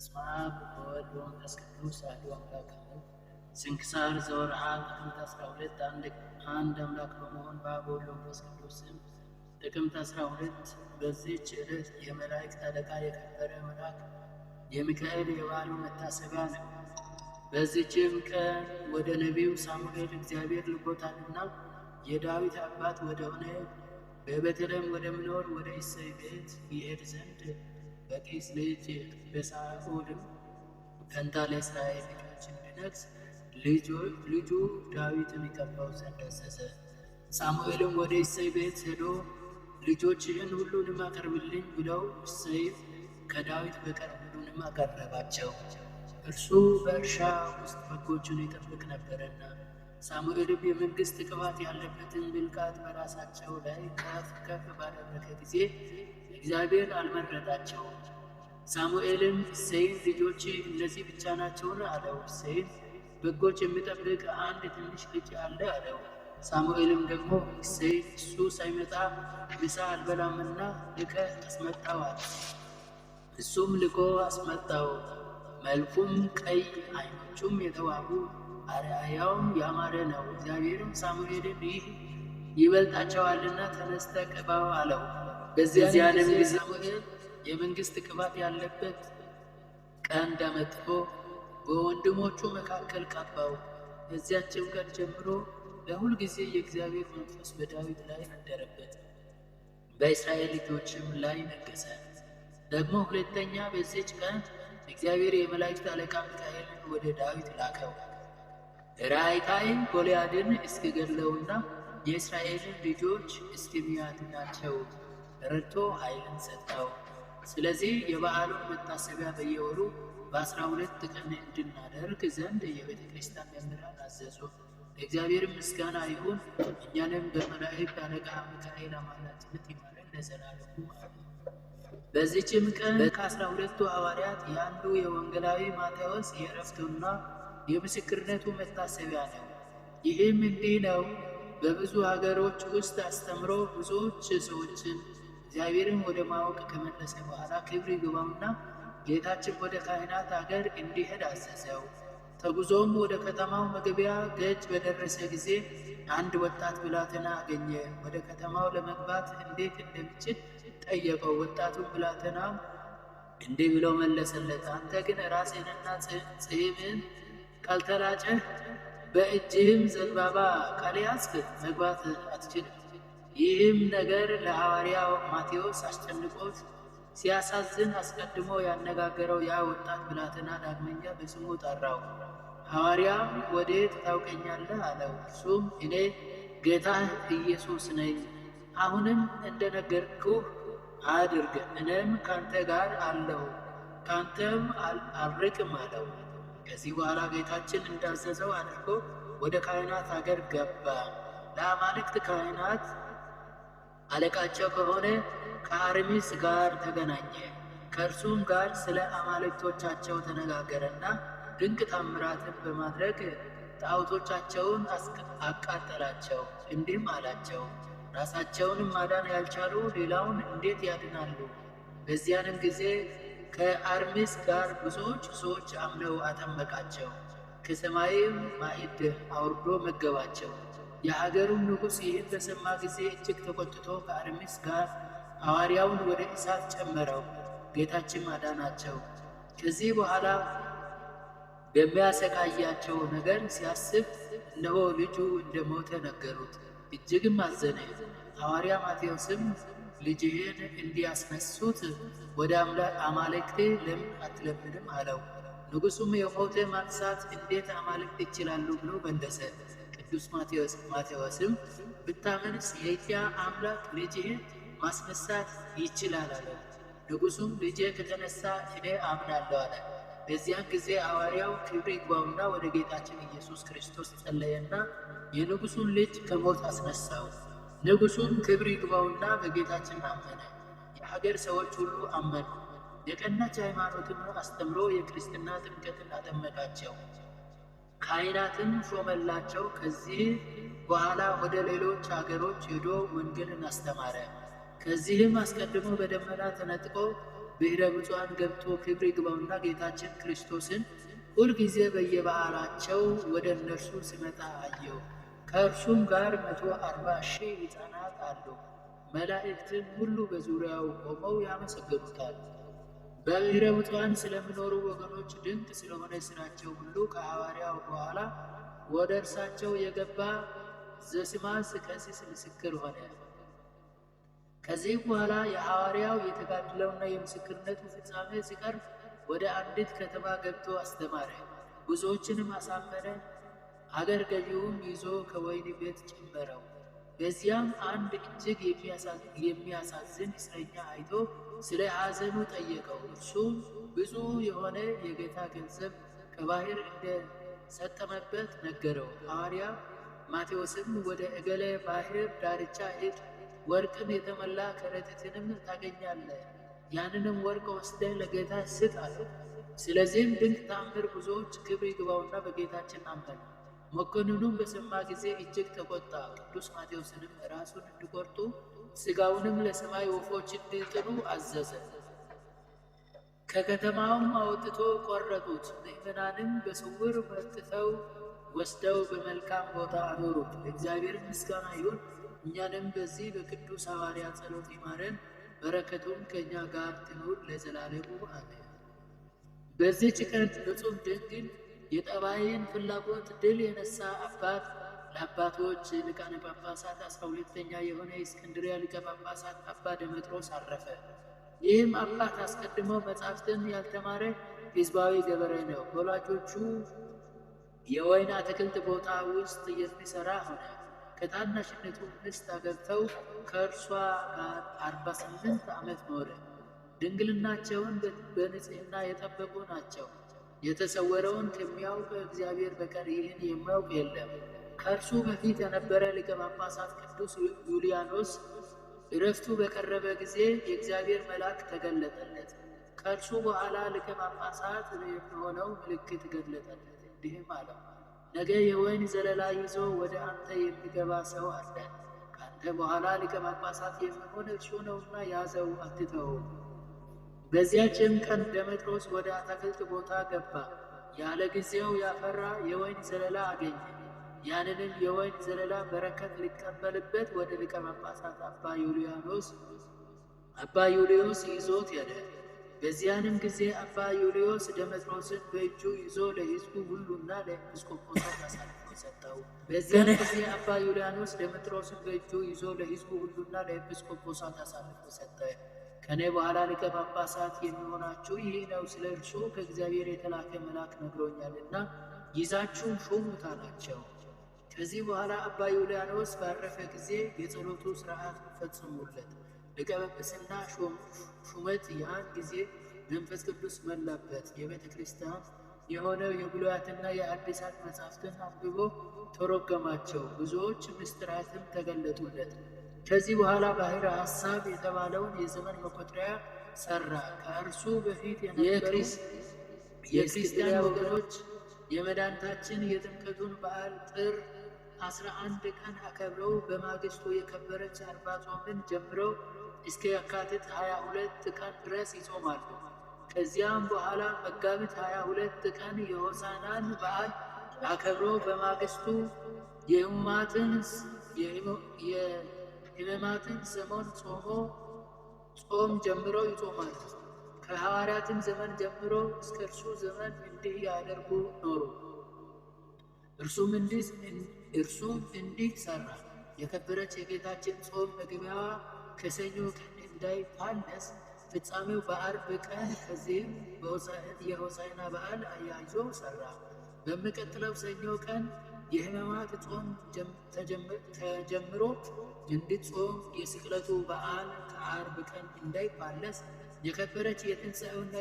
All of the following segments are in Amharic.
በስመ አብ ወወልድ ወመንፈስ ቅዱስ አሐዱ አምላክ አሜን። ስንክሳር ዘወርሃ ጥቅምት 12 አንድ አምላክ በመሆን በአብ ወወልድ ወመንፈስ ቅዱስ ስም ጥቅምት 12 በዚህች ዕለት የመላእክት አለቃ የከበረ መልአክ የሚካኤል የበዓሉ መታሰቢያ ነው። በዚህችም ቀን ወደ ነቢዩ ሳሙኤል እግዚአብሔር ልኮታልና የዳዊት አባት ወደሆነ በቤተልሔም ወደሚኖር ወደ እሴይ ቤት ይሄድ ዘንድ በቂስ ልጅ በሳኦልም ፈንታ ለእስራኤል ልጆች እንዲነግስ ልጁ ዳዊትን ይቀባው ዘንድ አዘዘ። ሳሙኤልም ወደ እሴይ ቤት ሄዶ ልጆችህን ሁሉንም አቀርብልኝ ብለው እሴይም ከዳዊት በቀር ሁሉንም አቀረባቸው። እርሱ በእርሻ ውስጥ በጎቹን ይጠብቅ ነበረና ሳሙኤልም የመንግሥት ቅባት ያለበትን ብልቃት በራሳቸው ላይ ከፍ ከፍ ባደረገ ጊዜ እግዚአብሔር አልመረጣቸውም። ሳሙኤልም እሴይን ልጆች እነዚህ ብቻ ናቸውን? አለው። እሴይን በጎች የሚጠብቅ አንድ ትንሽ ልጅ አለ አለው። ሳሙኤልም ደግሞ እሴይ እሱ ሳይመጣ ምሳ አልበላምና ልከ አስመጣዋል። እሱም ልኮ አስመጣው። መልኩም ቀይ፣ አይኖቹም የተዋቡ አርአያውም ያማረ ነው። እግዚአብሔርም ሳሙኤልን ይህ ይበልጣቸዋልና ተነስተህ ቅባው አለው። በዚያንም ጊዜ ሳሙኤል የመንግስት ቅባት ያለበት ቀንድ አመጥቶ በወንድሞቹ መካከል ቀባው። ከዚያችም ቀን ጀምሮ ለሁል ጊዜ የእግዚአብሔር መንፈስ በዳዊት ላይ አደረበት፣ በእስራኤል ልጆችም ላይ ነገሰ። ደግሞ ሁለተኛ በዚች ቀን እግዚአብሔር የመላእክት አለቃ ሚካኤልን ወደ ዳዊት ላከው። ራይታይም ጎልያድን እስኪገድለውና የእስራኤልን ልጆች እስኪሚያድናቸው ረድቶ ኃይልን ሰጠው። ስለዚህ የበዓሉን መታሰቢያ በየወሩ በአስራ ሁለት ቀን እንድናደርግ ዘንድ የቤተ ክርስቲያን መምህራን አዘዙ። ለእግዚአብሔር ምስጋና ይሁን። እኛንም በመላእክት አለቃ ሚካኤል አማላጅነት ይማረን ለዘላለሙ አሜን። በዚህችም ቀን ከአስራ ሁለቱ ሐዋርያት የአንዱ የወንጌላዊ ማቴዎስ የዕረፍቱና የምስክርነቱ መታሰቢያ ነው። ይህም እንዲህ ነው። በብዙ ሀገሮች ውስጥ አስተምሮ ብዙዎች ሰዎችን እግዚአብሔርን ወደ ማወቅ ከመለሰ በኋላ ክብር ይግባውና ጌታችን ወደ ካህናት አገር እንዲሄድ አዘዘው። ተጉዞም ወደ ከተማው መግቢያ ደጅ በደረሰ ጊዜ አንድ ወጣት ብላቴና አገኘ። ወደ ከተማው ለመግባት እንዴት እንደሚችል ጠየቀው። ወጣቱ ብላቴና እንዲህ ብሎ መለሰለት፣ አንተ ግን ራስህንና ጽህምን ካልተላጨህ በእጅህም ዘንባባ ካልያዝክ መግባት አትችልም። ይህም ነገር ለሐዋርያው ማቴዎስ አስጨንቆት ሲያሳዝን አስቀድሞ ያነጋገረው ያ ወጣት ብላቴና ዳግመኛ በስሙ ጠራው። ሐዋርያም ወዴት ታውቀኛለህ አለው። እርሱም እኔ ጌታህ ኢየሱስ ነኝ፣ አሁንም እንደነገርኩህ አድርግ፣ እኔም ካንተ ጋር አለው ካንተም አልርቅም አለው። ከዚህ በኋላ ጌታችን እንዳዘዘው አድርጎ ወደ ካህናት አገር ገባ። ለአማልክት ካህናት አለቃቸው ከሆነ ከአርሚስ ጋር ተገናኘ። ከእርሱም ጋር ስለ አማልክቶቻቸው ተነጋገረና ድንቅ ታምራትን በማድረግ ጣዖቶቻቸውን አቃጠላቸው። እንዲህም አላቸው፣ ራሳቸውንም ማዳን ያልቻሉ ሌላውን እንዴት ያድናሉ? በዚያንም ጊዜ ከአርሜስ ጋር ብዙዎች ሰዎች አምነው አጠመቃቸው። ከሰማይም ማዕድ አውርዶ መገባቸው። የሀገሩን ንጉሥ ይህን በሰማ ጊዜ እጅግ ተቆጥቶ ከአርሜስ ጋር ሐዋርያውን ወደ እሳት ጨመረው። ጌታችን አዳናቸው። ከዚህ በኋላ በሚያሰቃያቸው ነገር ሲያስብ እነሆ ልጁ እንደሞተ ነገሩት። እጅግም አዘነ። ሐዋርያ ማቴዎስም ልጅህን እንዲያስነሱት ወደ አማልክት ለምን አትለምንም አለው። ንጉሱም የሆቴ ማንሳት እንዴት አማልክት ይችላሉ ብሎ መለሰ። ቅዱስ ማቴዎስም ብታመንስ የኢትያ አምላክ ልጅህን ማስነሳት ይችላል አለ። ንጉሱም ልጄ ከተነሳ እኔ አምናለሁ አለ። በዚያን ጊዜ ሐዋርያው ክብር ይግባውና ወደ ጌታችን ኢየሱስ ክርስቶስ ጸለየና የንጉሱን ልጅ ከሞት አስነሳው። ንጉሱም ክብር ይግባውና በጌታችን አመነ። የሀገር ሰዎች ሁሉ አመኑ። የቀናች ሃይማኖትን አስተምሮ የክርስትና ጥምቀትን አጠመቃቸው። ካህናትን ሾመላቸው። ከዚህ በኋላ ወደ ሌሎች አገሮች ሄዶ ወንጌልን አስተማረ። ከዚህም አስቀድሞ በደመና ተነጥቆ ብሔረ ብፁዓን ገብቶ ክብር ይግባውና ጌታችን ክርስቶስን ሁልጊዜ በየበዓላቸው ወደ እነርሱ ሲመጣ አየው። ከእርሱም ጋር መቶ አርባ ሺህ ሕፃናት አሉ። መላእክትም ሁሉ በዙሪያው ቆመው ያመሰግኑታል። በብሔረ ሙታን ስለሚኖሩ ወገኖች ድንቅ ስለሆነ ስራቸው ሁሉ ከሐዋርያው በኋላ ወደ እርሳቸው የገባ ዘስማስ ቀሲስ ምስክር ሆነ። ከዚህ በኋላ የሐዋርያው የተጋድለውና የምስክርነቱ ፍጻሜ ሲቀርብ ወደ አንዲት ከተማ ገብቶ አስተማረ፣ ብዙዎችንም አሳመነ። አገር ገቢውም ይዞ ከወይን ቤት ጨመረው። በዚያም አንድ እጅግ የሚያሳዝን እስረኛ አይቶ ስለ ሐዘኑ ጠየቀው። እርሱም ብዙ የሆነ የጌታ ገንዘብ እንደ እንደሰጠመበት ነገረው። ሐዋርያ ማቴዎስም ወደ እገለ ባህር ዳርቻ ሂድ፣ ወርቅን የተሞላ ከረጢትንም ታገኛለህ፣ ያንንም ወርቅ ወስደህ ለጌታ ስጥ አለው። ስለዚህም ድንቅ ታምር ብዙዎች ክብር ይግባውና በጌታችን አመኑ። መኮንኑም በሰማ ጊዜ እጅግ ተቆጣ። ቅዱስ ማቴዎስንም ራሱን እንዲቆርጡ ስጋውንም ለሰማይ ወፎች እንዲጥሉ አዘዘ። ከከተማውም አውጥቶ ቆረጡት። ምእመናንም በስውር መጥተው ወስደው በመልካም ቦታ አኖሩት። እግዚአብሔር ምስጋና ይሁን። እኛንም በዚህ በቅዱስ ሐዋርያ ጸሎት ይማረን፣ በረከቱም ከእኛ ጋር ትኑር ለዘላለሙ አሜን። በዚህ ጭቀት ንጹሕ ድንግል የጠባይን ፍላጎት ድል የነሳ አባት ለአባቶች ሊቃነ ጳጳሳት አስራ ሁለተኛ የሆነ የእስክንድሪያ ሊቀ ጳጳሳት አባ ደመጥሮስ አረፈ። ይህም አባት አስቀድሞ መጻሕፍትን ያልተማረ ሕዝባዊ ገበሬ ነው። ወላጆቹ የወይን አትክልት ቦታ ውስጥ የሚሰራ ሆነ። ከታናሽነቱ ሚስት አገብተው ከእርሷ ጋር አርባ ስምንት ዓመት ኖረ። ድንግልናቸውን በንጽህና የጠበቁ ናቸው። የተሰወረውን ከሚያውቅ እግዚአብሔር በቀር ይህን የማያውቅ የለም። ከእርሱ በፊት የነበረ ሊቀ ጳጳሳት ቅዱስ ዩልያኖስ እረፍቱ በቀረበ ጊዜ የእግዚአብሔር መልአክ ተገለጠለት። ከእርሱ በኋላ ሊቀ ጳጳሳት የሚሆነው ምልክት ገለጠለት፣ እንዲህም አለው፣ ነገ የወይን ዘለላ ይዞ ወደ አንተ የሚገባ ሰው አለ። ከአንተ በኋላ ሊቀ ጳጳሳት የሚሆን እርሱ ነውና ያዘው፣ አትተወው። በዚያችም ቀን ደመጥሮስ ወደ አትክልት ቦታ ገባ። ያለ ጊዜው ያፈራ የወይን ዘለላ አገኘ። ያንንም የወይን ዘለላ በረከት ሊቀበልበት ወደ ሊቀ ጳጳሳት አባ ዩልያኖስ አባ ዩልዮስ ይዞት ሄደ። በዚያንም ጊዜ አባ ዩልዮስ ደመጥሮስን በእጁ ይዞ ለሕዝቡ ሁሉና ለኤጲስቆጶስ አሳልፎ ሰጠው። በዚያን ጊዜ አባ ዩልያኖስ ደመጥሮስን በእጁ ይዞ ለሕዝቡ ሁሉና ለኤጲስቆጶስ አሳልፎ ሰጠ። ከእኔ በኋላ ሊቀ ጳጳሳት የሚሆናችሁ ይህ ነው፣ ስለ እርሱ ከእግዚአብሔር የተላከ መልአክ ነግሮኛልና ይዛችሁ ሹሙት አላቸው። ከዚህ በኋላ አባ ዩልያኖስ ባረፈ ጊዜ የጸሎቱ ስርዓት ፈጽሙለት። ሊቀ ጵጵስና ሹመት ያን ጊዜ መንፈስ ቅዱስ መላበት። የቤተ ክርስቲያን የሆነው የብሉያትና የአዲሳት መጻሕፍትን አንብቦ ተረጎማቸው። ብዙዎች ምስጢራትም ተገለጡለት። ከዚህ በኋላ ባሕረ ሐሳብ የተባለውን የዘመን መቆጠሪያ ሰራ። ከእርሱ በፊት የነበሩ የክርስቲያን ወገኖች የመድኃኒታችን የጥምቀቱን በዓል ጥር 11 ቀን አከብረው በማግስቱ የከበረች አርባ ጾምን ጀምረው እስከ የካቲት 22 ቀን ድረስ ይጾማሉ። ከዚያም በኋላ መጋቢት 22 ቀን የሆሳናን በዓል አከብረው በማግስቱ የሕማማትን የሕማማትን ዘመን ጾሞ ጾም ጀምሮ ይጾማል። ከሐዋርያትም ዘመን ጀምሮ እስከ እርሱ ዘመን እንዲህ ያደርጉ ኖሩ። እርሱም እንዲህ ሠራ። የከበረች የጌታችን ጾም መግቢያዋ ከሰኞ ቀን እንዳይፋለስ ፍጻሜው በዓርብ ቀን፣ ከዚህም የሆሳዕና በዓል አያይዞ ሠራ። በሚቀጥለው ሰኞ ቀን የሕማማት ጾም ተጀምሮ እንዲጾም የስቅለቱ በዓል ከአርብ ቀን እንዳይፋለስ የከበረች የትንሣኤውና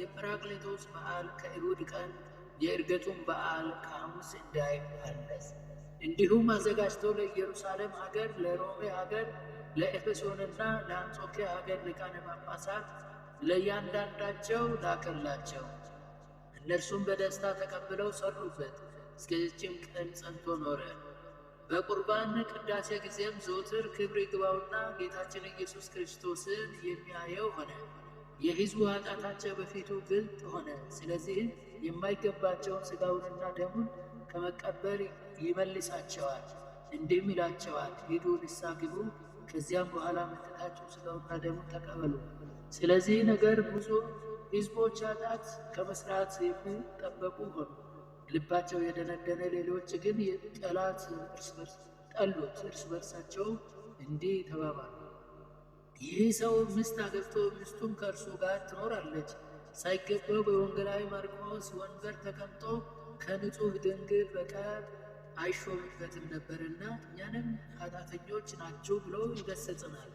የጰራቅሊጦስ በዓል ከእሁድ ቀን የዕርገቱን በዓል ከሐሙስ እንዳይፋለስ እንዲሁም አዘጋጅቶ ለኢየሩሳሌም ሀገር፣ ለሮሜ ሀገር፣ ለኤፌሶንና ለአንጾኪያ ሀገር ሊቃነ ጳጳሳት ለእያንዳንዳቸው ላከላቸው። እነርሱም በደስታ ተቀብለው ሰሩበት። እስከዚችም ቀን ጸንቶ ኖረ። በቁርባን ቅዳሴ ጊዜም ዘወትር ክብር ይግባውና ጌታችን ኢየሱስ ክርስቶስን የሚያየው ሆነ። የሕዝቡ ኃጢአታቸው በፊቱ ግልጥ ሆነ። ስለዚህም የማይገባቸውን ሥጋውንና ደሙን ከመቀበል ይመልሳቸዋል። እንዲህም ይላቸዋል፣ ሂዱ ንስሐ ግቡ፣ ከዚያም በኋላ መጥታችሁ ሥጋውና ደሙን ተቀበሉ። ስለዚህ ነገር ብዙ ሕዝቦች ኃጢአት ከመስራት የሚጠበቁ ሆኑ። ልባቸው የደነደነ ሌሎች ግን ጠላት እርስ በርስ ጠሉት፣ እርስ በርሳቸው እንዲህ ተባባሉ፣ ይህ ሰው ሚስት አገብቶ ሚስቱም ከእርሱ ጋር ትኖራለች፣ ሳይገባው በወንጌላዊ ማርቆስ ወንበር ተቀምጦ ከንጹሕ ድንግል በቀር አይሾምበትም ነበርና እኛንም ኃጢአተኞች ናችሁ ብሎ ይገሰጽናል።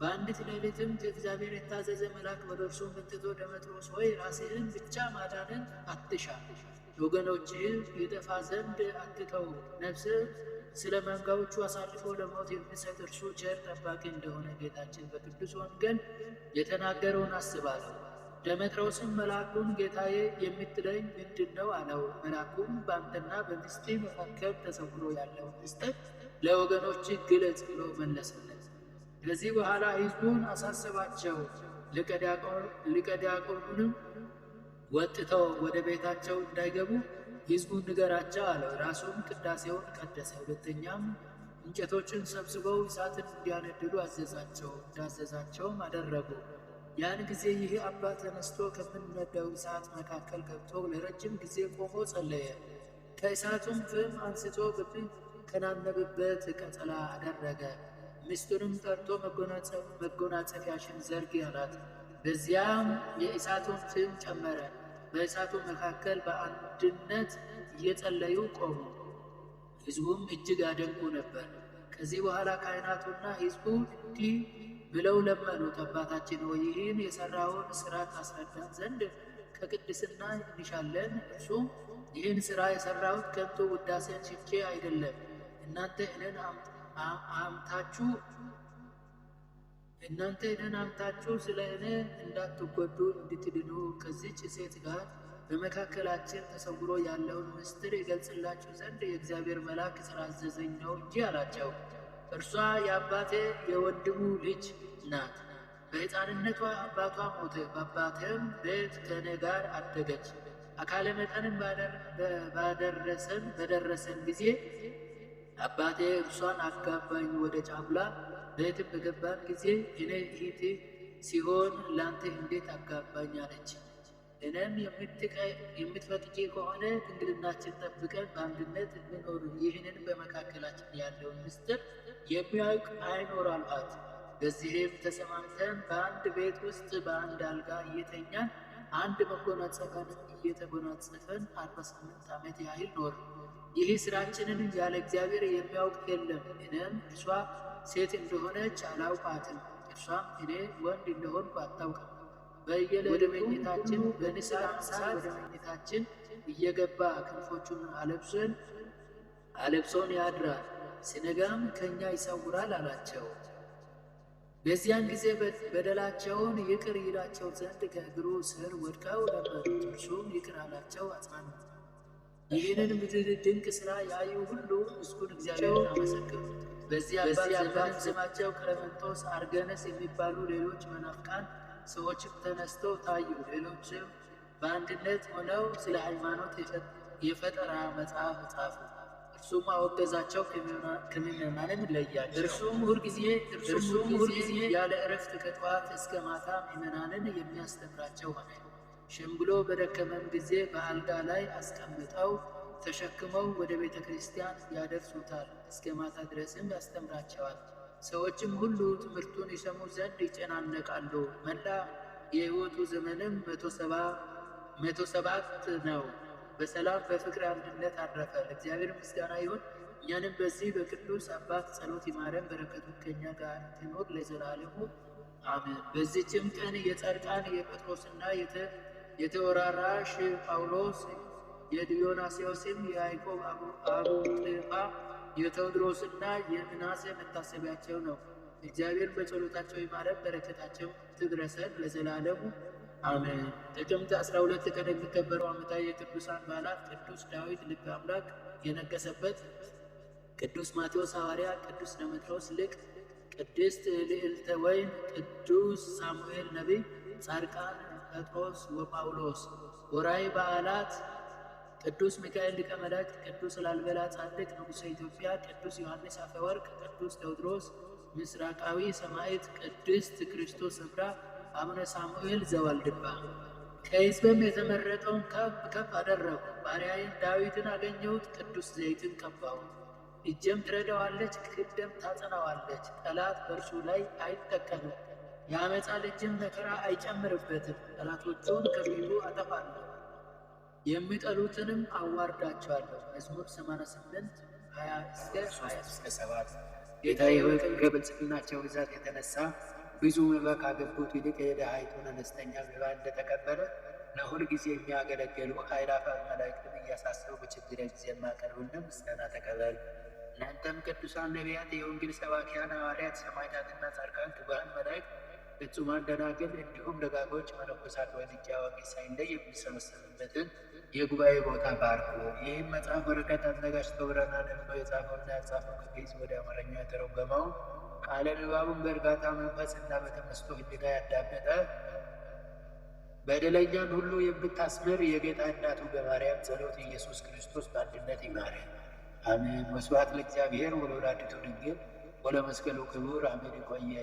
በአንዲት ሌሊትም ከእግዚአብሔር የታዘዘ መልአክ ወደ እርሱ መጥቶ ደመጥሮስ ሆይ ራስህን ብቻ ማዳንን አትሻ ወገኖችህ ይጠፋ ዘንድ አትተው። ነፍስ ስለ መንጋዎቹ አሳልፎ ለሞት የሚሰጥ እርሱ ቸር ጠባቂ እንደሆነ ጌታችን በቅዱስ ወንጌል የተናገረውን አስባለሁ። ደሜጥሮስም መልአኩን ጌታዬ የምትለኝ ምንድን ነው አለው። መልአኩም በአንተና በሚስቴ መካከል ተሰውሮ ያለውን ምስጢር ለወገኖች ግለጽ ብሎ መለሰለት። ከዚህ በኋላ ሕዝቡን አሳሰባቸው። ሊቀ ዲያቆኑንም ወጥተው ወደ ቤታቸው እንዳይገቡ ሕዝቡን ንገራቸው አለው። ራሱም ቅዳሴውን ቀደሰ። ሁለተኛም እንጨቶችን ሰብስበው እሳትን እንዲያነድዱ አዘዛቸው። እንዳዘዛቸውም አደረጉ። ያን ጊዜ ይህ አባት ተነስቶ ከምንነዳው እሳት መካከል ገብቶ ለረጅም ጊዜ ቆሞ ጸለየ። ከእሳቱም ፍም አንስቶ ከናነብበት ቀጠላ አደረገ። ሚስቱንም ጠርቶ መጎናጸፊያሽን ዘርግ አላት። በዚያም የእሳቱን ፍም ጨመረ። በእሳቱ መካከል በአንድነት እየጸለዩ ቆሙ። ሕዝቡም እጅግ አደንቁ ነበር። ከዚህ በኋላ ካህናቱና ሕዝቡ እንዲህ ብለው ለመኑት፣ አባታችን ሆይ ይህን የሠራውን ሥራ ታስረዳን ዘንድ ከቅድስና እንሻለን። እርሱም ይህን ሥራ የሠራሁት ከንቱ ውዳሴን ሽቼ አይደለም፣ እናንተ እኔን አምታችሁ እናንተ ደናምታችሁ ስለ እኔ እንዳትጎዱ እንድትድኑ ከዚች ሴት ጋር በመካከላችን ተሰውሮ ያለውን ምስጢር የገልጽላችሁ ዘንድ የእግዚአብሔር መልአክ ስላዘዘኝ ነው እንጂ አላቸው። እርሷ የአባቴ የወንድሙ ልጅ ናት። በሕፃንነቷ አባቷ ሞተ፣ በአባቴም ቤት ከእኔ ጋር አደገች። አካለ መጠንም ባደረሰን በደረሰን ጊዜ አባቴ እርሷን አጋባኝ ወደ ጫፍላ ቤትም በገባን ጊዜ እኔ እህት ሲሆን ላንተ እንዴት አጋባኝ አለች። እኔም የምትፈቅጂ ከሆነ ድንግልናችን ጠብቀን በአንድነት እንኖር፣ ይህንን በመካከላችን ያለውን ምስጢር የሚያውቅ አይኖር አልኋት። በዚህም ተሰማምተን በአንድ ቤት ውስጥ በአንድ አልጋ እየተኛን አንድ መጎናጸፈን እየተጎናጸፈን አርባ ስምንት ዓመት ያህል ኖር። ይህ ስራችንን ያለ እግዚአብሔር የሚያውቅ የለም። እኔም እሷ ሴት እንደሆነች አላውቃትም። እርሷም እኔ ወንድ እንደሆንኩ አታውቅም። በየለቱ ወደ መኝታችን በንስሐ ወደ መኝታችን እየገባ ክንፎቹን አለብሶን አለብሶን ያድራል፣ ሲነጋም ከእኛ ይሰውራል አላቸው። በዚያን ጊዜ በደላቸውን ይቅር ይላቸው ዘንድ ከእግሩ ስር ወድቀው ነበር። እርሱም ይቅር አላቸው፣ አጽናኑ። ይህንን ምድር ድንቅ ሥራ ያዩ ሁሉ ምስጉን እግዚአብሔርን አመሰገኑት። በዚህ አባት ስማቸው ክለመንቶስ አርገነስ የሚባሉ ሌሎች መናፍቃን ሰዎችም ተነስተው ታዩ። ሌሎችም በአንድነት ሆነው ስለ ሃይማኖት የፈጠራ መጽሐፍ ጻፉ። እርሱም አወገዛቸው፣ ከምዕመናንም ለያቸው። እርሱም ሁልጊዜ እርሱም ሁልጊዜ ያለ እረፍት ከጠዋት እስከ ማታ ምዕመናንን የሚያስተምራቸው ሆነ። ሸምግሎ በደከመም ጊዜ በአልጋ ላይ አስቀምጠው ተሸክመው ወደ ቤተ ክርስቲያን ያደርሱታል። እስከ ማታ ድረስም ያስተምራቸዋል። ሰዎችም ሁሉ ትምህርቱን ይሰሙ ዘንድ ይጨናነቃሉ። መላ የሕይወቱ ዘመንም መቶ ሰባት ነው። በሰላም በፍቅር አንድነት አረፈ። እግዚአብሔር ምስጋና ይሁን። እኛንም በዚህ በቅዱስ አባት ጸሎት ይማረን። በረከቱ ከኛ ጋር ትኖር ለዘላለሙ አሜን። በዚህችም ቀን የጸድቃን የጴጥሮስና የተወራራሽ ጳውሎስ የዲዮናስዮስም የያዕቆብ አቡጤፋ የቴዎድሮስና የምናሴ መታሰቢያቸው ነው። እግዚአብሔር በጸሎታቸው ይማረን፣ በረከታቸው ትድረሰን ለዘላለሙ አሜን። ጥቅምት 12 ቀን የሚከበረው ዓመታዊ የቅዱሳን በዓላት ቅዱስ ዳዊት ልበ አምላክ የነገሰበት፣ ቅዱስ ማቴዎስ ሐዋርያ፣ ቅዱስ ደሜጥሮስ ሊቅ፣ ቅድስት ልዕልተ ወይን፣ ቅዱስ ሳሙኤል ነቢይ፣ ጻድቃን ጴጥሮስ ወጳውሎስ። ወርኃዊ በዓላት ቅዱስ ሚካኤል ሊቀ መላእክት፣ ቅዱስ ላሊበላ ጻድቅ ንጉሠ ኢትዮጵያ፣ ቅዱስ ዮሐንስ አፈወርቅ፣ ቅዱስ ቴዎድሮስ ምስራቃዊ ሰማዕት፣ ቅድስት ክርስቶስ ሰምራ፣ አቡነ ሳሙኤል ዘዋልድባ። ከሕዝብም የተመረጠውን ከፍ ከፍ አደረጉ። ባሪያዬን ዳዊትን አገኘሁት፣ ቅዱስ ዘይትን ቀባው። እጄም ትረዳዋለች፣ ክንዴም ታጸናዋለች። ጠላት በእርሱ ላይ አይጠቀምም፣ የአመፃ ልጅም መከራ አይጨምርበትም። ጠላቶቹን ከፊቱ አጠፋለሁ የሚጠሉትንም አዋርዳቸዋለሁ። መዝሙር 88 27 ጌታ ሆይ ከብልጽግናቸው ብዛት የተነሳ ብዙ መባ ካገቡት ይልቅ የድሃይቱን አነስተኛ መባ እንደተቀበለ ለሁል ጊዜ የሚያገለግሉ ኃይላፋት መላእክትን እያሳሰቡ በችግር ጊዜ የማቀርብልን ምስጋና ተቀበል። እናንተም ቅዱሳን ነቢያት፣ የወንጌል ሰባኪያን ሐዋርያት፣ ሰማዕታትና ጻድቃን፣ ትጉሃን መላእክት ፍጹማን ደናግል እንዲሁም ደጋጎች መነኮሳት ወድቄ አዋቂ ሳይለይ የሚሰበሰብበትን የጉባኤ ቦታ ባርኩ። ይህም መጽሐፍ ወረቀት አዘጋጅቶ ብራና ደንቆ የጻፈውና ያጻፈው ከግዕዝ ወደ አማርኛ የተረጎመው ቃለ ንባቡን በእርጋታ መንፈስ እና በተመስጦ እጅጋ ያዳመጠ በደለኛን ሁሉ የምታስምር የጌታ እናቱ በማርያም ጸሎት ኢየሱስ ክርስቶስ በአንድነት ይማርያል። አሜን። ወስብሐት ለእግዚአብሔር ወለወላዲቱ ድንግል ወለመስቀሉ ክቡር። አሜን። ይቆየ